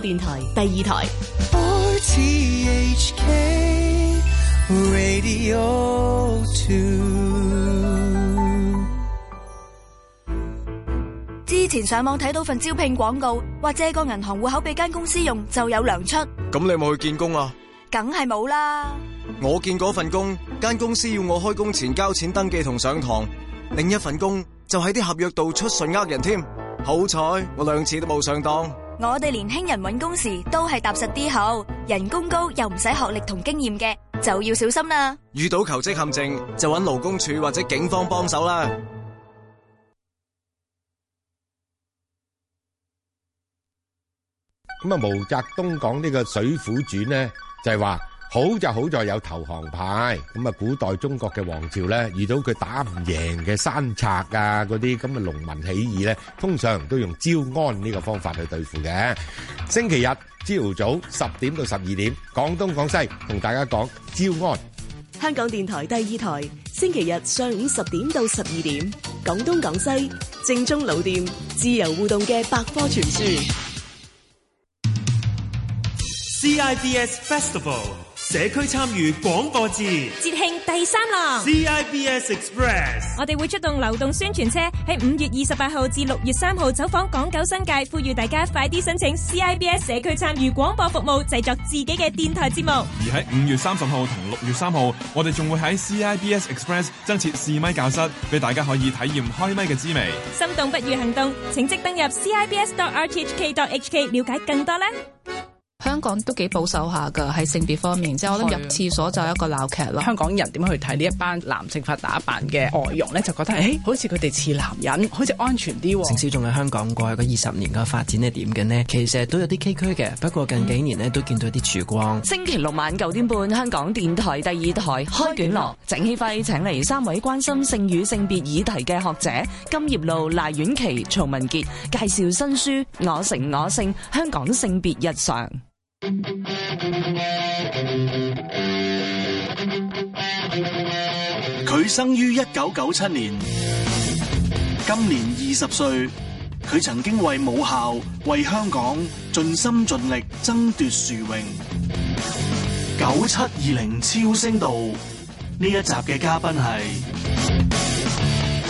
電台第二台。RTHK Radio 2。之前上網睇到份招聘廣告，話借個銀行戶口俾間公司用就有糧出。咁你有冇去見工啊？梗係冇啦。我見嗰份工，間公司要我開工前交錢登記同上堂；另一份工就喺啲合約度出信呃人，添。好彩我兩次都冇上當。我哋年輕人揾工時都係踏實啲好，人工高又唔使學歷同經驗嘅，就要小心啦。遇到求職陷阱，就揾勞工處或者警方幫手啦。咁啊，毛澤東講呢個《水滸傳》呢，就係話。好就好在有投降派咁啊！古代中國嘅王朝咧，遇到佢打唔贏嘅山賊啊，嗰啲咁啊農民起義咧，通常都用招安呢個方法去對付嘅。星期日朝早十點到十二點，港東港西同大家講招安。香港電台第二台星期日上午十點到十二點，港東港西正宗老店，自由互動嘅百科全書。CIBS Festival。社區參與廣播節節慶第三浪，CIBS Express，我哋會出動流動宣傳車喺五月二十八號至六月三號走訪港九新界，呼籲大家快啲申請 CIBS 社區參與廣播服務，製作自己嘅電台節目。而喺五月三十號同六月三號，我哋仲會喺 CIBS Express 增設試咪教室，俾大家可以體驗開咪嘅滋味。心動不如行動，請即登入 CIBS.RTHK.HK 了解更多啦。香港都幾保守下㗎，喺性別方面，之後、嗯、我諗入廁所就一個鬧劇咯。香港人點樣去睇呢一班男性化打扮嘅外傭咧，就覺得誒、欸，好似佢哋似男人，好似安全啲。城市仲喺香港過去嗰二十年嘅發展係點嘅呢？其實都有啲崎嶇嘅，不過近幾年咧、嗯、都見到啲曙光。星期六晚九點半，香港電台第二台開卷樂。鄭希輝請嚟三位關心性與性別議題嘅學者：金曄路、賴婉琪、曹文杰，介紹新書《我成我性：香港性別日常》。佢生於一九九七年，今年二十歲。佢曾經為母校、為香港盡心盡力爭奪殊榮。九七二零超聲道：「呢一集嘅嘉賓係，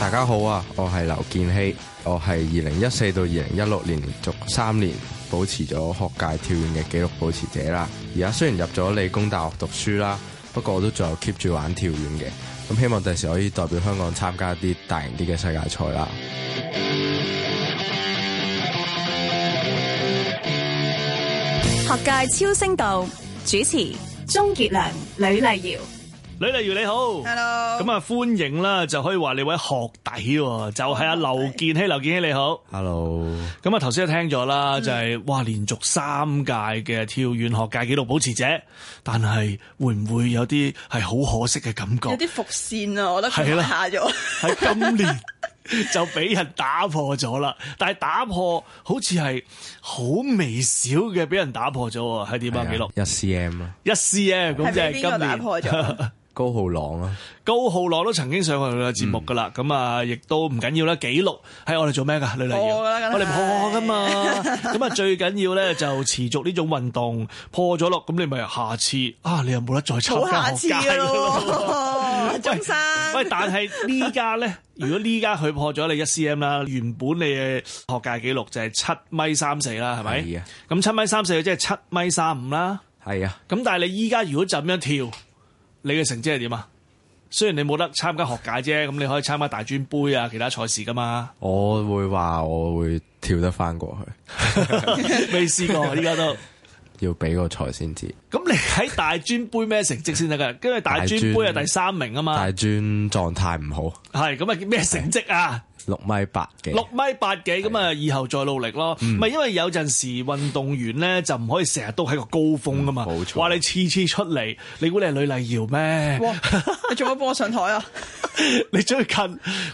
大家好啊，我係劉健希，我係二零一四到二零一六年連續三年。保持咗學界跳遠嘅紀錄保持者啦，而家雖然入咗理工大學讀書啦，不過我都仲有 keep 住玩跳遠嘅，咁希望第時可以代表香港參加一啲大型啲嘅世界賽啦。學界超聲道主持鍾傑良、呂麗瑤。呂麗瑤你好，咁啊歡迎啦，就可以話你位學弟，就係阿劉健希，劉健希你好，咁啊頭先都聽咗啦，就係哇連續三屆嘅跳遠學界紀錄保持者，但係會唔會有啲係好可惜嘅感覺？有啲伏綫啊，我覺得跌下咗，喺今年就俾人打破咗啦，但係打破好似係好微小嘅，俾人打破咗，係點啊紀錄？一 C M 啦，一 C M 咁即係今年打破咗。高浩朗啦、啊，高浩朗都曾經上過節、嗯哎、我佢嘅節目噶啦，咁啊不，亦都唔緊要啦。紀錄喺我哋做咩噶？你嚟我哋好破噶嘛？咁啊，最緊要咧就持續呢種運動，破咗錄，咁你咪下、啊、下次啊，你又冇得再參加學界咯。中山喂，喂，但係呢家咧，如果呢家佢破咗你一 cm 啦，原本你嘅學界紀錄就係七米三四啦，係咪？咁七米三四即係七米三五啦，係啊。咁、啊、但係你依家如果就咁樣跳？你嘅成績係點啊？雖然你冇得參加學界啫，咁你可以參加大專杯啊，其他賽事㗎嘛。我會話，我會跳得返過去，未 試過依家都。要俾個賽先知。咁你喺大專杯咩成績先得噶？因為大專杯係第三名啊嘛。大專狀態唔好，係咁啊！咩成績啊？六米八幾？六米八幾？咁啊對，以後再努力咯。唔係、嗯、因為有陣時運動員咧就唔可以成日都喺個高峰噶嘛。冇錯、嗯，話你次次出嚟，你估你係呂麗瑤咩？哇，你做乜幫我上台啊？ 你最近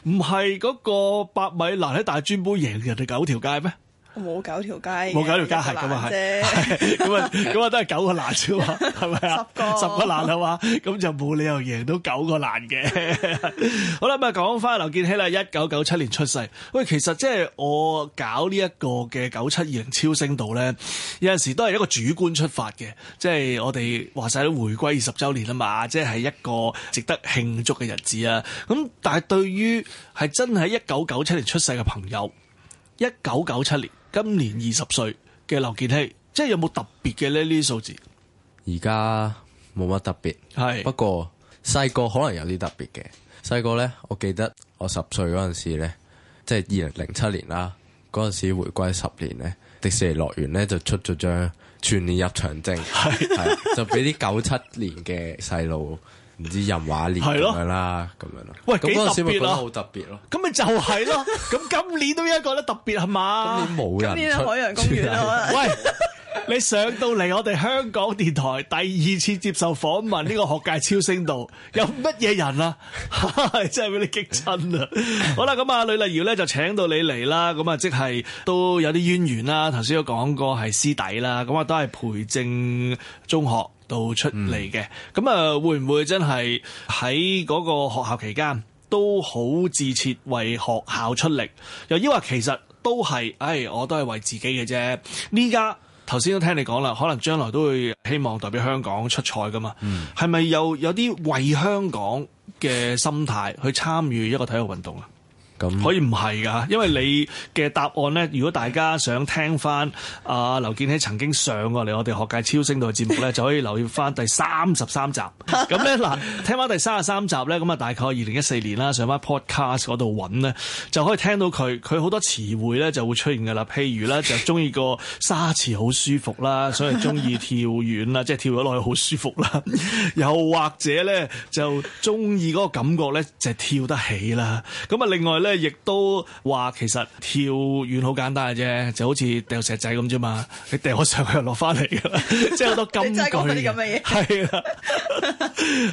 唔係嗰個百米欄喺大專杯贏人哋九條街咩？冇九條街，冇九條街係咁啊！係咁啊，咁啊都係九個難啫嘛，係咪啊？十個十個難係嘛，咁就冇理由贏到九個難嘅。 好啦，咁、嗯、啊講翻劉健希啦，一九九七年出世。喂，其實即係我搞呢一個嘅九七二零超升度咧，有陣時都係一個主觀出發嘅，即、就、係、是、我哋話晒都回歸二十週年啊嘛，即、就、係、是、一個值得慶祝嘅日子啊。咁但係對於係真係一九九七年出世嘅朋友，一九九七年。今年二十歲嘅劉健希，即係有冇特別嘅呢？呢啲數字而家冇乜特別，係是不過細個可能有啲特別嘅。細個呢，我記得我十歲嗰陣時呢，即係二零零七年啦，嗰陣時回歸十年呢，迪士尼樂園呢就出咗張全年入場證，就俾啲九七年嘅細路。唔知任畫蓮咁樣啦，咁樣咯，喂，咁幾特別咯，好特別咯，咁咪就係咯，咁今年都一覺得特別係嘛，今年冇人，今年係海洋公園啦，喂，你上到嚟我哋香港電台第二次接受訪問呢個學界超聲度，有乜嘢人啊？真係俾你激親啊！好啦，咁啊呂麗瑤咧就請到你嚟啦，咁啊即係都有啲淵源啦，頭先有講過係師弟啦，咁啊都係培正中學。到出嚟嘅，咁啊，會唔會真係喺嗰個學校期間都好自設為學校出力？又抑或其實都係，誒、哎、我都係為自己嘅啫。呢家頭先都聽你講啦，可能將來都會希望代表香港出賽噶嘛，嗯，係咪又有啲為香港嘅心態去參與一個體育運動啊？咁可以唔係噶，因為你嘅答案咧，如果大家想聽翻啊劉健希曾經上過嚟我哋學界超聲道嘅節目咧，就可以留意翻第三十三集。咁咧嗱，聽翻第三十三集咧，咁啊大概二零一四年啦，上翻 podcast 度揾咧，就可以聽到佢。佢好多詞彙咧就會出現嘅啦，譬如咧就中意個沙池好舒服啦，所以中意跳遠啦，即係 跳咗落去好舒服啦。又或者咧就中意個感覺咧就係跳得起啦。咁啊另外咧。咧亦都話其實跳遠好簡單嘅啫，就好似掉石仔咁啫嘛，你掉我上去又落翻嚟噶啦，即係好多金句。真係講啲咁嘅嘢。係 啦對了，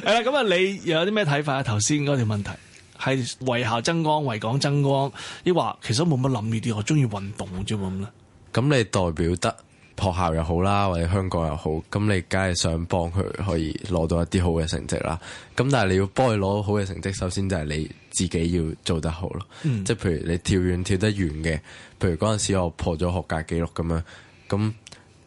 係 啦，咁啊，你又有啲咩睇法啊？頭先嗰條問題係為校增光，為港增光。你話其實冇乜諗呢啲，我中意運動啫咁咧。咁 你代表得？學校又好啦，或者香港又好，咁你梗係想幫佢可以攞到一啲好嘅成績啦。咁但係你要幫佢攞到好嘅成績，首先就係你自己要做得好咯。嗯、即係譬如你跳遠跳得遠嘅，譬如嗰陣時我破咗學界紀錄咁樣，咁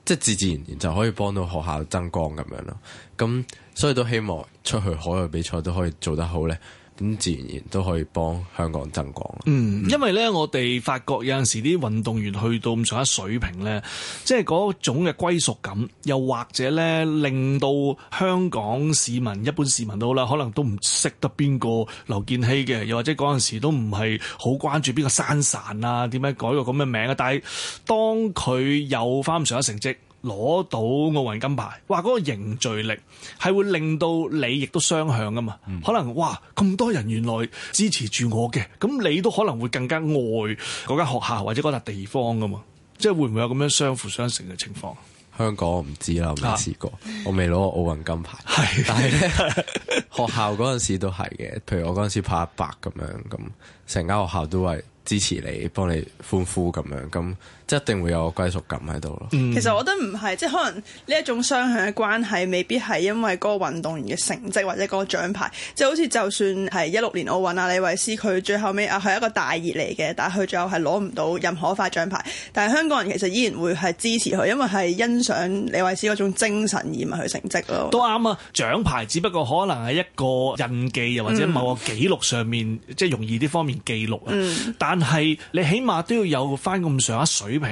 即係自自然然就可以幫到學校增光咁樣咯。咁所以都希望出去海外比賽都可以做得好呢。咁自然然都可以幫香港增光。嗯，因為咧，我哋發覺有陣時啲運動員去到咁上下水平咧，即係嗰種嘅歸屬感，又或者咧令到香港市民一般市民都好啦，可能都唔識得邊個劉健希嘅，又或者嗰陣時都唔係好關注邊個山神啊，點樣改個咁嘅名啊。但係當佢有翻咁上下成績。攞到奧運金牌，哇！嗰個凝聚力係會令到你亦都雙向噶嘛？嗯、可能哇，咁多人原來支持住我嘅，咁你都可能會更加愛嗰間學校或者嗰笪地方噶嘛？即係會唔會有咁樣相輔相成嘅情況？香港唔知啦，未試過，啊、我未攞奧運金牌。係是的，但係咧，學校嗰陣時都係嘅。譬如我嗰陣時拍一百咁樣，咁成間學校都係支持你，幫你歡呼咁樣咁。即一定會有個歸屬感喺度咯。其實我覺得唔係，即係可能呢一種雙向嘅關係未必係因為嗰個運動員嘅成績或者嗰個獎牌。即係好似就算係一六年奧運啊，李慧詩佢最後尾啊係一個大熱嚟嘅，但係佢最後係攞唔到任何一塊獎牌。但係香港人其實依然會係支持佢，因為係欣賞李慧詩嗰種精神而唔係佢成績咯。都啱啊！獎牌只不過可能係一個印記又或者某個記錄上面、嗯、即係容易啲方面記錄啊。嗯、但係你起碼都要有翻咁上下水。水平，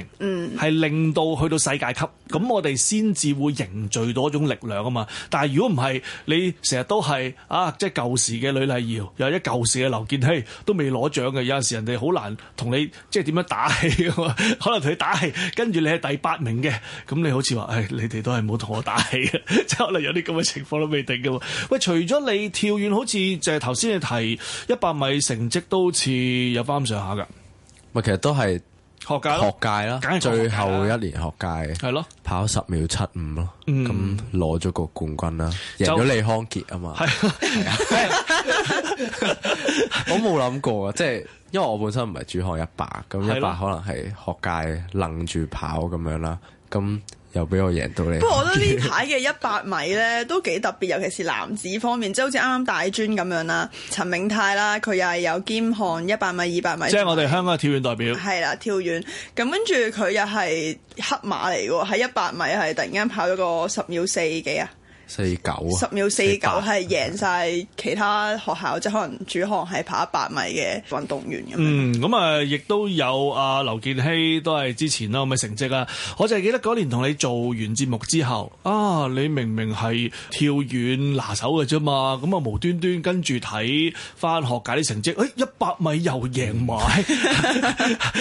係、嗯、令到去到世界級，咁我哋先至會凝聚到一種力量啊嘛。但係如果唔係，你成日都係啊，即係舊時嘅呂麗瑤，又或者舊時嘅劉健希，都未攞獎嘅。有陣時人哋好難同你即係點樣打氣，可能同你打氣，跟住你係第八名嘅，咁你好似話，誒、哎，你哋都係冇同我打氣啊，即 係可能有啲咁嘅情況都未定嘅。喂，除咗你跳遠，好似就係頭先你提一百米成績，都好似有翻咁上下嘅。喂，其實都係。學界咯，學界啊、最後一年學界係咯， 跑十秒七五咯，咁攞咗個冠軍啦，贏咗李康杰啊嘛，我冇諗過啊，即係因為我本身唔係主項一百，咁一百可能係學界愣住跑咁樣啦，咁。又俾我贏到你。不過 我覺得呢排嘅一百米呢都幾特別，尤其是男子方面，即係好似啱啱大專咁樣啦，陳銘泰啦，佢又係有兼項一百米、二百米。即係我哋香港嘅跳遠代表。係啦，跳遠，咁跟住佢又係黑馬嚟喎，喺一百米係突然間跑咗個十秒四幾啊！四九啊！十秒四九係贏晒其他學校，即係可能主項係跑一百米嘅運動員咁嗯，咁、嗯嗯、啊，亦都有阿劉健希都係之前咯，咁、嗯、嘅成績啊。我就係記得嗰年同你做完節目之後啊，你明明係跳遠拿手嘅啫嘛，咁啊無端端跟住睇翻學界啲成績，誒一百米又贏埋，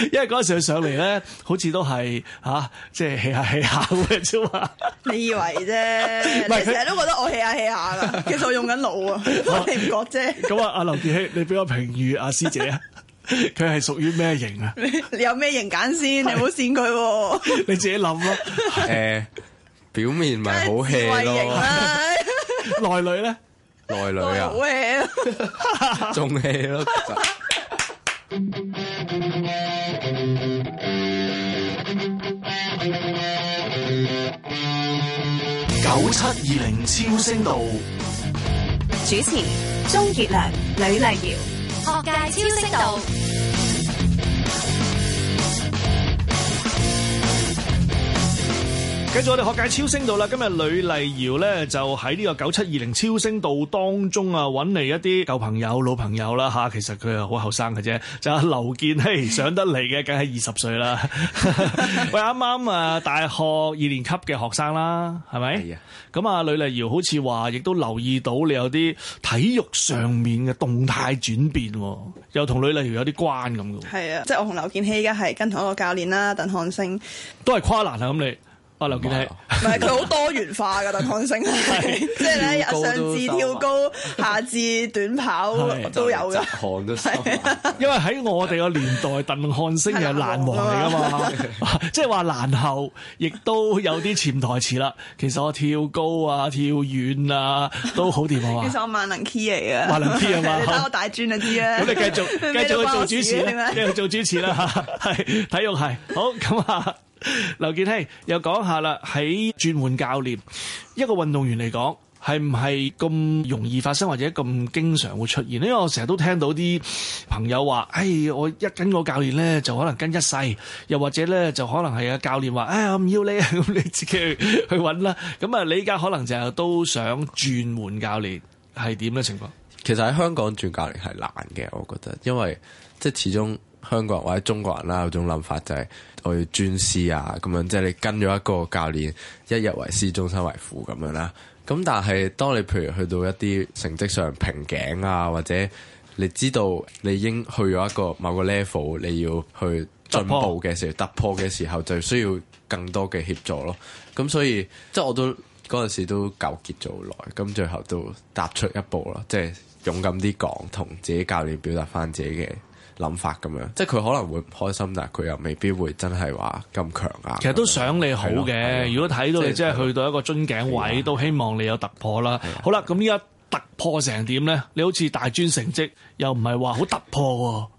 嗯、 因為嗰時佢上嚟咧，好似都係吓，即係氣下氣下嘅啫嘛。你以為啫？ 成日都覺得我 hea 下 hea 下啦，其實我用緊腦 啊，我哋唔覺啫。咁啊，阿劉健希，你俾我評語阿師姐啊，佢係屬於咩型啊？ 你有咩型揀先？你唔好跣佢，你自己諗咯。誒、呃，表面咪好 hea 咯 內呢，內裏咧？內裏啊？仲 hea 咯？ 九七二零超聲道，主持鍾傑良、呂麗瑤，學界超聲道。跟住我哋學界超聲道啦，今日呂麗瑤咧就喺呢個九七二零超聲道當中啊，揾嚟一啲舊朋友老朋友啦，啊、吓，其實佢係好後生嘅啫，就阿、是、劉、啊、健希 上得嚟嘅，梗係二十歲啦。 喂，啱啱啊，大學二年級嘅學生啦，係咪？係啊。咁啊、嗯，呂麗瑤好似話，亦都留意到你有啲體育上面嘅動態轉變，啊，又同呂麗瑤有啲關咁嘅。係啊，即係我同劉健希依家係跟同一個教練啦，鄧漢星。都係跨欄啊，咁你？阿劉健希，唔係佢好多元化噶鄧漢星，即係咧上至跳高，下至短跑都有噶，雜都收。因為喺我哋個年代，鄧漢星又係爛王嚟噶嘛，即係話爛後，亦都有啲潛台詞啦。其實我跳高啊，跳遠啊，都好掂啊。其實我萬能 key 嚟嘅，萬能 key 啊嘛，你睇我大專嗰啲啊，咁你繼續繼續去做主持啦，繼續做主持啦吓，係體育係好咁啊。劉健希又講下啦，喺轉換教練，一個運動員嚟講係唔係咁容易發生或者咁經常會出現？因為我成日都聽到啲朋友話：，哎，我一跟個教練咧就可能跟一世，又或者咧就可能係阿教練話：，哎呀，我唔要你，咁 你自己去去揾啦。咁啊，你依家可能就都想轉換教練，係點嘅情況？其實喺香港轉教練係難嘅，我覺得，因為即係始終。香港人或者中國人啦，有種諗法就係我要尊師啊，咁樣即係你跟咗一個教練，一日為師，終身為父咁樣啦。咁但係當你譬如去到一啲成績上瓶頸啊，或者你知道你應去咗一個某個 level，你要去進步嘅時候突破嘅時候，突破嘅時候就需要更多嘅協助咯。咁所以即係我都嗰陣時都糾結咗好耐，咁最後都踏出一步咯，即係勇敢啲講，同自己教練表達翻自己嘅諗法咁樣，即係佢可能會唔開心，但係佢又未必會真係話咁強啊。其實都想你好嘅，如果睇到你真係去到一個樽頸位，的都希望你有突破啦。好啦，咁依家突破成點咧？你好似大專成績又唔係話好突破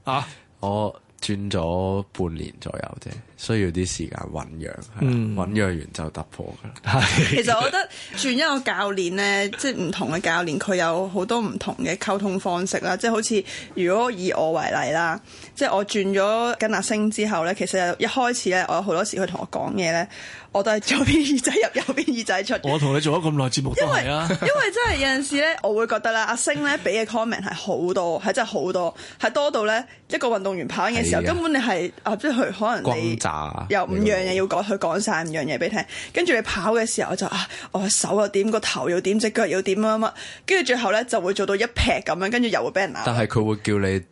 喎，啊，啊！ 我轉咗半年左右啫。需要啲時間醖釀，嗯，醖釀完就突破㗎啦。係。其實我覺得轉一個教練咧，即係唔同嘅教練，佢有好多唔同嘅溝通方式啦。即係好似如果以我為例啦，即係我轉咗跟阿星之後咧，其實一開始咧，我好多時佢同我講嘢咧，我都係左邊耳仔入，右邊耳仔出。我同你做咗咁耐節目。因為因為真係有陣時咧，我會覺得咧，阿星咧俾嘅 comment 係好多，係真係好多，係多到咧一個運動員跑緊嘅時候，的根本你係啊，即係佢可能你。打又五樣嘢要講，佢講晒五樣嘢俾你聽，跟住你跑嘅時候就啊，我手又點，個頭又點，隻腳又點乜乜，跟住最後咧就會做到一劈咁樣，跟住又會俾人咬。但係佢會叫你。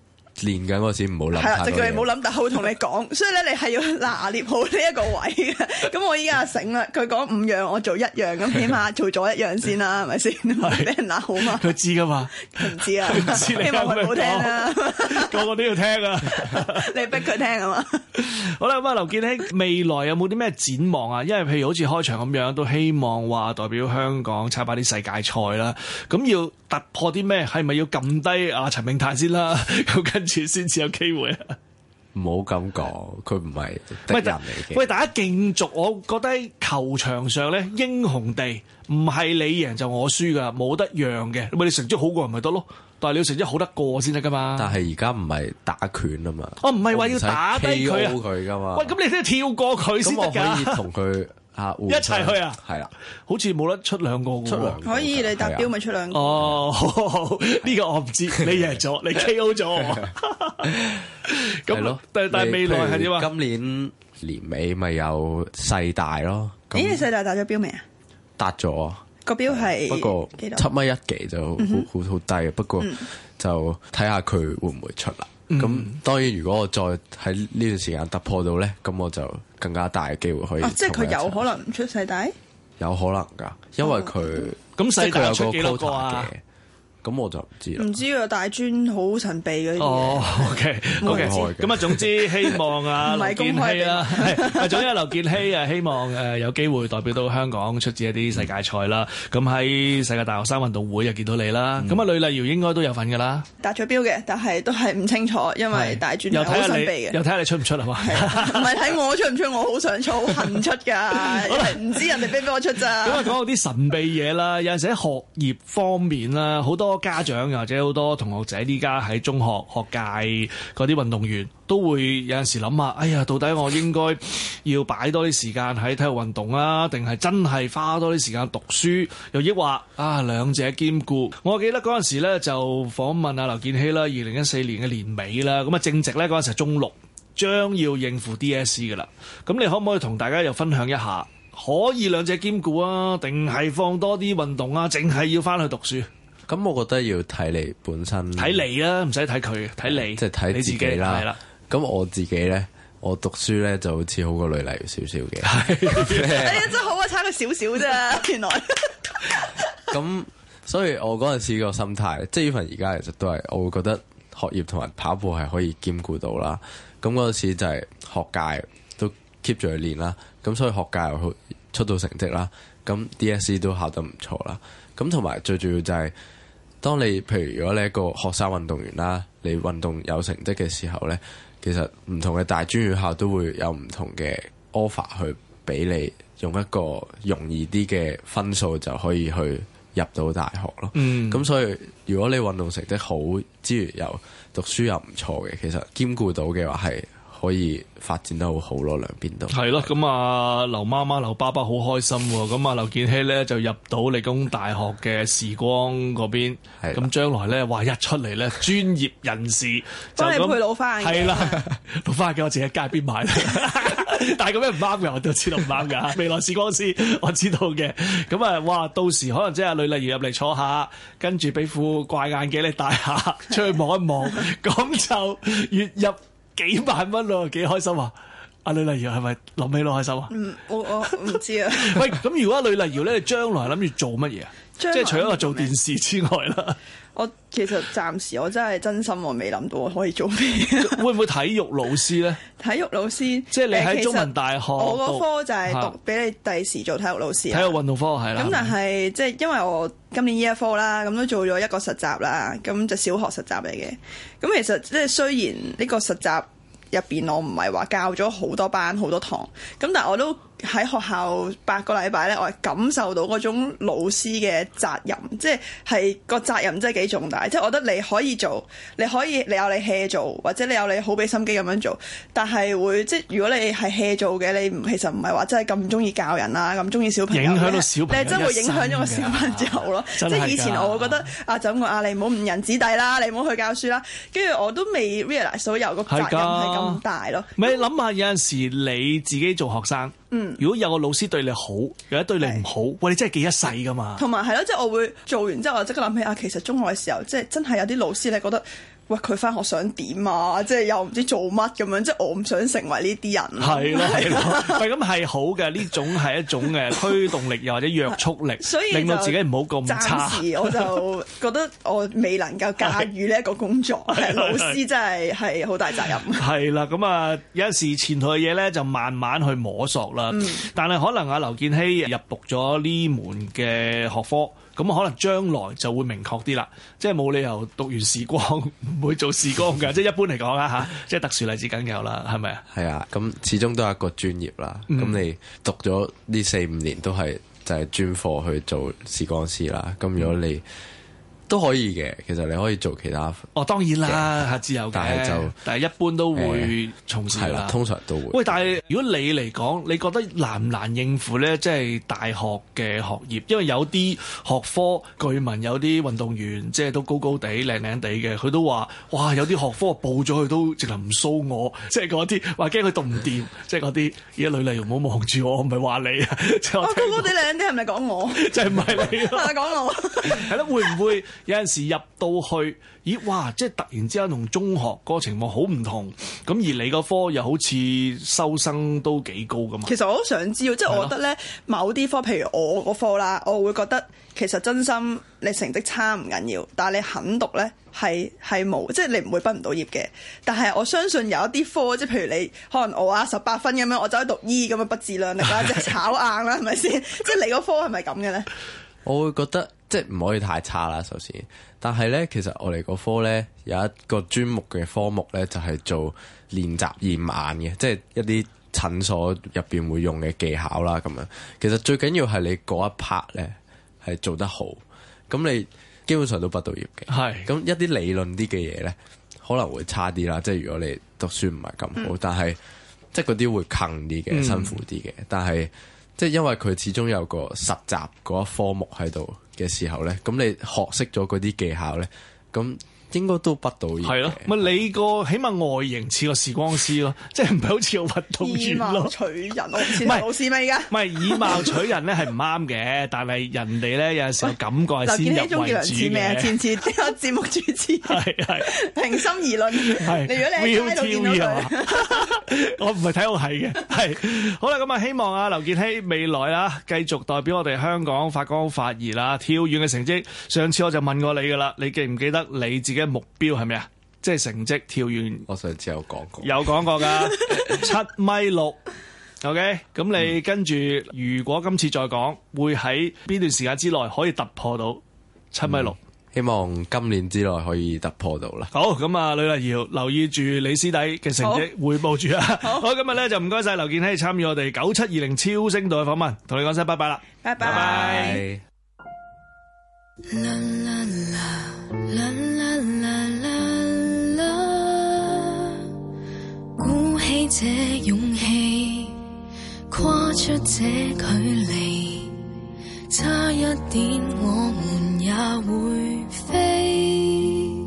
練緊嗰陣時唔好諗，係就叫你唔好諗，但好同你講，所以咧你係要拿捏好呢一個位嘅。咁 我依家醒啦，佢講五樣，我做一樣，咁起碼做咗一樣先啦，係咪先？俾人鬧啊嘛！佢知噶嘛？佢唔知啊，知你希望佢好說聽啊吧，個個都要聽啊！你逼佢聽啊嘛！ 啊好啦，咁啊，劉健希，未來有冇啲咩展望啊？因為譬如好似開場咁樣，都希望話代表香港參加啲世界賽啦。咁要。突破啲咩？係咪要撳低阿陳明泰先啦？咁 跟住先至有機會。唔好咁講，佢唔係敵人嚟嘅。喂，大家競逐，我覺得球場上咧英雄地，唔係你贏就我輸噶，冇得讓嘅。咪你成績好過人咪得咯？但係你要成績好得過先得噶嘛。但係而家唔係打拳啊嘛。我唔係話要打低佢啊嘛。喂，咁你都要跳過佢先得噶。 一齊去啊！係啦，好似冇得出兩個嘅喎。可以，你達標咪出兩個。哦，好，好，呢個我唔知，你贏咗，你 K O 咗我咁咯，但但係未嚟係點啊？今年年尾咪有世大咯。咦？你世大達咗標未啊？達咗個標係，不過七米一幾就好好好低，不過就睇下佢會唔會出啦。咁、嗯、當然，如果我再喺呢段時間突破到咧，咁我就更加大嘅機會可以、啊。即係佢有可能唔出世弟，有可能㗎，因為佢咁世佢有個 q u o 咁我就唔知啦。唔知啊，大專好神秘嗰啲嘢。哦，OK，OK。咁啊，總之希望啊，劉健希啦，係啊，總之啊，劉健希啊，希望誒有機會代表到香港出戰一啲世界賽啦。咁喺世界大學生運動會又見到你啦。咁啊，呂麗瑤應該都有份㗎啦。達咗標嘅，但係都係唔清楚，因為大專好神秘嘅。又睇下你，又睇下你出唔出啊？哇！唔係睇我出唔出，我好想出，我恨出㗎。唔知人哋俾唔俾我出咋？咁啊，講下啲神秘嘢啦。有陣時喺學業方面啦，好多。多家長或者好多同學仔，呢家喺中學學界嗰啲運動員都會有陣時諗啊。哎呀，到底我應該要擺多啲時間喺體育運動啊，定係真係花多啲時間讀書？又抑或啊，兩者兼顧？我記得嗰陣時咧就訪問阿、啊、劉健希啦，二零一四年嘅年尾啦，咁啊正值呢，嗰陣時係中六，將要應付 D.S.C. 噶啦。咁你可唔可以同大家又分享一下？可以兩者兼顧啊，定係放多啲運動啊，淨係要翻去讀書？咁我覺得要睇你本身，睇你啦、啊，唔使睇佢，睇你，即係睇自己啦。咁我自己咧，我讀書咧就好似好過女嚟少少嘅。 你真好啊，差佢少少啫， 原來 咁，所以我嗰陣時個心態，即係呢份而家其實都係，我會覺得學業同埋跑步係可以兼顧到啦。咁嗰陣時就係學界都 keep 住去練啦，咁所以學界又好出到成績啦，咁 DSE 都考得唔錯啦。咁同埋最重要就係，當你譬如如果你一個學生運動員啦，你運動有成績嘅時候咧，其實唔同嘅大專院校都會有唔同嘅 offer 去俾你，用一個容易啲嘅分數就可以去入到大學咯。嗯、咁所以如果你運動成績好之餘又讀書又唔錯嘅，其實兼顧到嘅話係可以發展得好好咯，兩邊都係咯。咁啊，劉媽媽、劉爸爸好開心喎。咁啊，劉健希咧就入到理工大學嘅視光嗰邊，咁將來咧話一出嚟咧專業人士幫你幫佢攞翻，係啦，老翻嘅，我自己街邊買。但係咁樣唔啱嘅，我都知道唔啱㗎。未來視光師，我知道嘅。咁啊，哇，到時可能即係呂麗瑤入嚟坐下，跟住俾副怪眼鏡你戴下，出去望一望，咁就越入。幾萬蚊咯，啊，幾開心啊！阿呂麗瑤係咪諗起都開心啊？嗯，我我唔知啊。 喂，咁如果呂麗瑤咧，你將來諗住做乜嘢啊？即係除咗我做電視之外啦， 我其實暫時我真係真心我未諗到我可以做咩， 會唔會體育老師咧？體育老師，即係你喺中文大學，我嗰科就係讀，俾你第時做體育老師，體育運動科係啦。咁但係即係因為我今年 e f 科啦，咁都做咗一個實習啦，咁就是、小學實習嚟嘅。咁其實即係雖然呢個實習入邊我唔係話教咗好多班好多堂，咁但係我都。喺學校八個禮拜咧，我係感受到嗰種老師嘅責任，即係係個責任真係幾重大。即係我覺得你可以做，你可以你有你 hea 做，或者你有你好俾心機咁樣做，但係會即係如果你係 hea 做嘅，你其實唔係話真係咁中意教人啦，咁中意小朋友影響到小朋友。你、啊、真會影響咗個小朋友咯。即係以前我會覺得啊，就咁話啊，你唔好誤人子弟啦，你唔好去教書啦。跟住我都未 realize 所有個責任係咁大咯。你諗下有陣時你自己做學生。嗯，如果有個老師對你好，有一對你唔好，的喂，你真係記一世㗎嘛。同埋係咯，即係、就是、我會做完之後，我即刻諗起啊，其實中學嘅時候，即、就、係、是、真係有啲老師，你覺得。喂，佢翻學想點啊？即係又唔知做乜咁樣，即係我唔想成為呢啲人。係咯係咯，咁係好嘅，呢種係一種嘅推動力，又或者約束力， 所以令到自己唔好咁差。我就覺得我未能夠駕馭呢一個工作， 老師真係係好大責任。係啦，咁啊有陣時前途嘅嘢咧，就慢慢去摸索啦。嗯、但係可能阿劉健希入讀咗呢門嘅學科學。咁可能將來就會明確啲啦，即係冇理由讀完視光唔會做視光㗎，即係 一般嚟講啦嚇，即係特殊例子梗有啦，係咪啊？係啊，咁始終都係一個專業啦。咁、嗯、你讀咗呢四五年都係就係專科去做視光師啦。咁如果你都可以嘅，其實你可以做其他。哦，當然啦，下之由嘅。但係就但係一般都會從事啦。通常都會。喂，但係如果你嚟講，你覺得難唔難應付咧？即係大學嘅學業，因為有啲學科，據聞有啲運動員即係都高高哋、靚靚哋嘅，佢都話：哇，有啲學科報咗佢都直頭唔收我，即係嗰啲話驚佢讀唔掂，即係嗰啲而家女嚟唔好望住我，唔係話你啊！我高高哋、靚啲係咪講我？即係唔係你咯？講我係咯，會唔會？有陣時入到去，咦？嘩！即係突然之間同中學嗰個情況好唔同。咁而你個科又好似收生都幾高㗎嘛？其實我都想知道，的即係我覺得呢某啲科，譬如我個科啦，我會覺得其實真心你成績差唔緊要，但係你肯讀呢係係冇，即係你唔會畢唔到業嘅。但係我相信有一啲科，即係譬如你可能我啊十八分咁樣，我走去讀醫、e、咁樣不自量力啦就炒硬啦，係咪先？ 即係你個科係咪咁嘅呢？我會覺得即係唔可以太差啦，首先。但係呢，其實我哋嗰科呢，有一個專目嘅科目呢，就係、是、做練習驗眼嘅，即係一啲診所入邊會用嘅技巧啦，咁樣。其實最緊要係你嗰一 part 呢，係做得好，咁你基本上都畢到業嘅。係是。咁一啲理論啲嘅嘢呢，可能會差啲啦，即係如果你讀書唔係咁好，嗯、但係即係嗰啲會坑啲嘅，辛苦啲嘅，嗯、但係。即係因為佢始終有個實習嗰一科目喺度嘅時候咧，咁你學識咗嗰啲技巧咧，咁。應該都不到嘅，係咯，咪你個起碼外形似個時光師咯，即係唔係好似個運動員咯？以貌取人，我唔係老市民噶，唔係以貌取人咧係唔啱嘅，但係人哋咧有陣時感覺係先入為主嘅。劉健希中意梁志明啊，前次呢個節目主持係係平心而論，係。你如果你喺度見到佢，我唔係睇到係嘅，係好啦，咁啊希望啊劉健希未來啦，繼續代表我哋香港發光發熱啦，跳遠嘅成績，上次我就問過你噶啦，你記唔記得你自己？目標係咩？啊？即係成績跳遠，我上次有講過。有講過噶，七米六。OK，咁你跟住，嗯、如果今次再講，會喺邊段時間之內可以突破到七米六？嗯、希望今年之內可以突破到啦。好，咁啊，呂麗瑤留意住李師弟嘅成績好，匯報住啊。好，今日咧就唔該晒劉健希參與我哋九七二零超聲度嘅訪問，同你講聲拜拜啦，拜拜。啦啦啦啦啦，鼓起這勇氣，跨出這距離，差一點我們也會飛。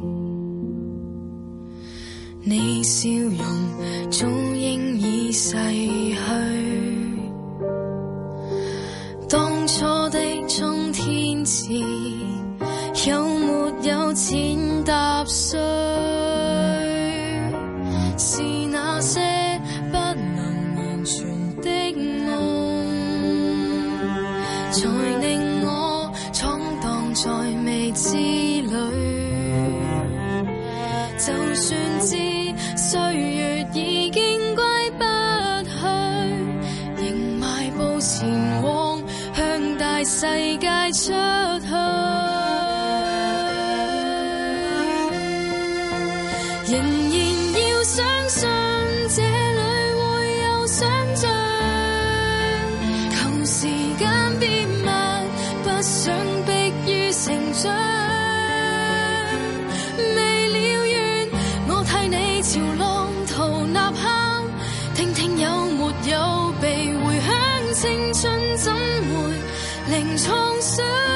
你笑容早應已逝去，當初的衝天志。有有錢搭上。潮浪淘吶喊，聽聽有沒有被回響，青春怎會令創傷。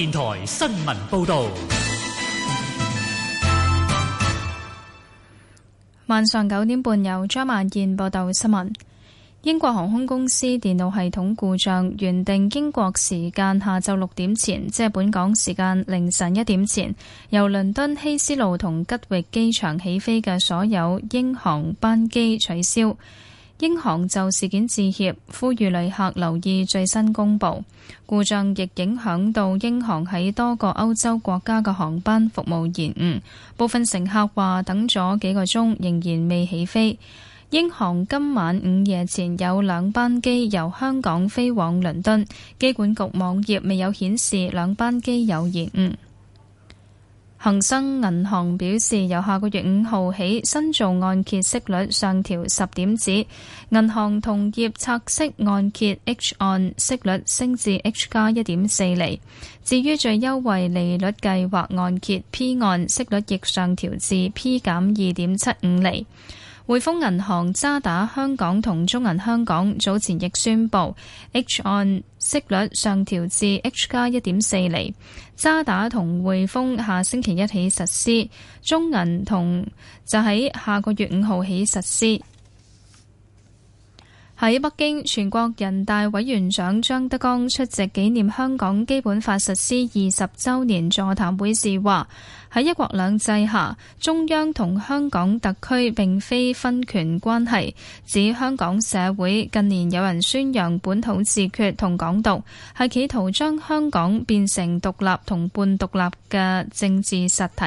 電台新聞報道：晚上九點半由張曼燕報道新聞。英國航空公司電腦系統故障，原定英國時間下晝六點前（即係本港時間凌晨一點前）由倫敦希斯路同吉域機場起飛嘅所有英航班機取消。英航就事件致歉，呼籲旅客留意最新公布。故障，亦影響到英航喺多個歐洲國家嘅航班服務延誤。部分乘客話等咗幾個鐘，仍然未起飛。英航今晚午夜前有兩班機由香港飛往倫敦，機管局網頁未有顯示兩班機有延誤。恒生銀行表示，由下個月五號起，新造按揭息率上調十點子，銀行同業拆息按揭 H 按息率升至 H 加一點四釐。至於最優惠利率計劃按揭 P 按息率亦上調至 P 減二點七五釐。匯豐銀行、渣打香港同中銀香港早前亦宣布 H 按息率上調至 H 加一點四釐，渣打同匯豐下星期一起實施，中銀同就喺下個月五號起實施。喺北京，全國人大委員長張德江出席紀念香港基本法實施二十周年座談會時話：喺一國兩制下，中央同香港特區並非分權關係，指香港社會近年有人宣揚本土自決同港獨，係企圖將香港變成獨立同半獨立嘅政治實體。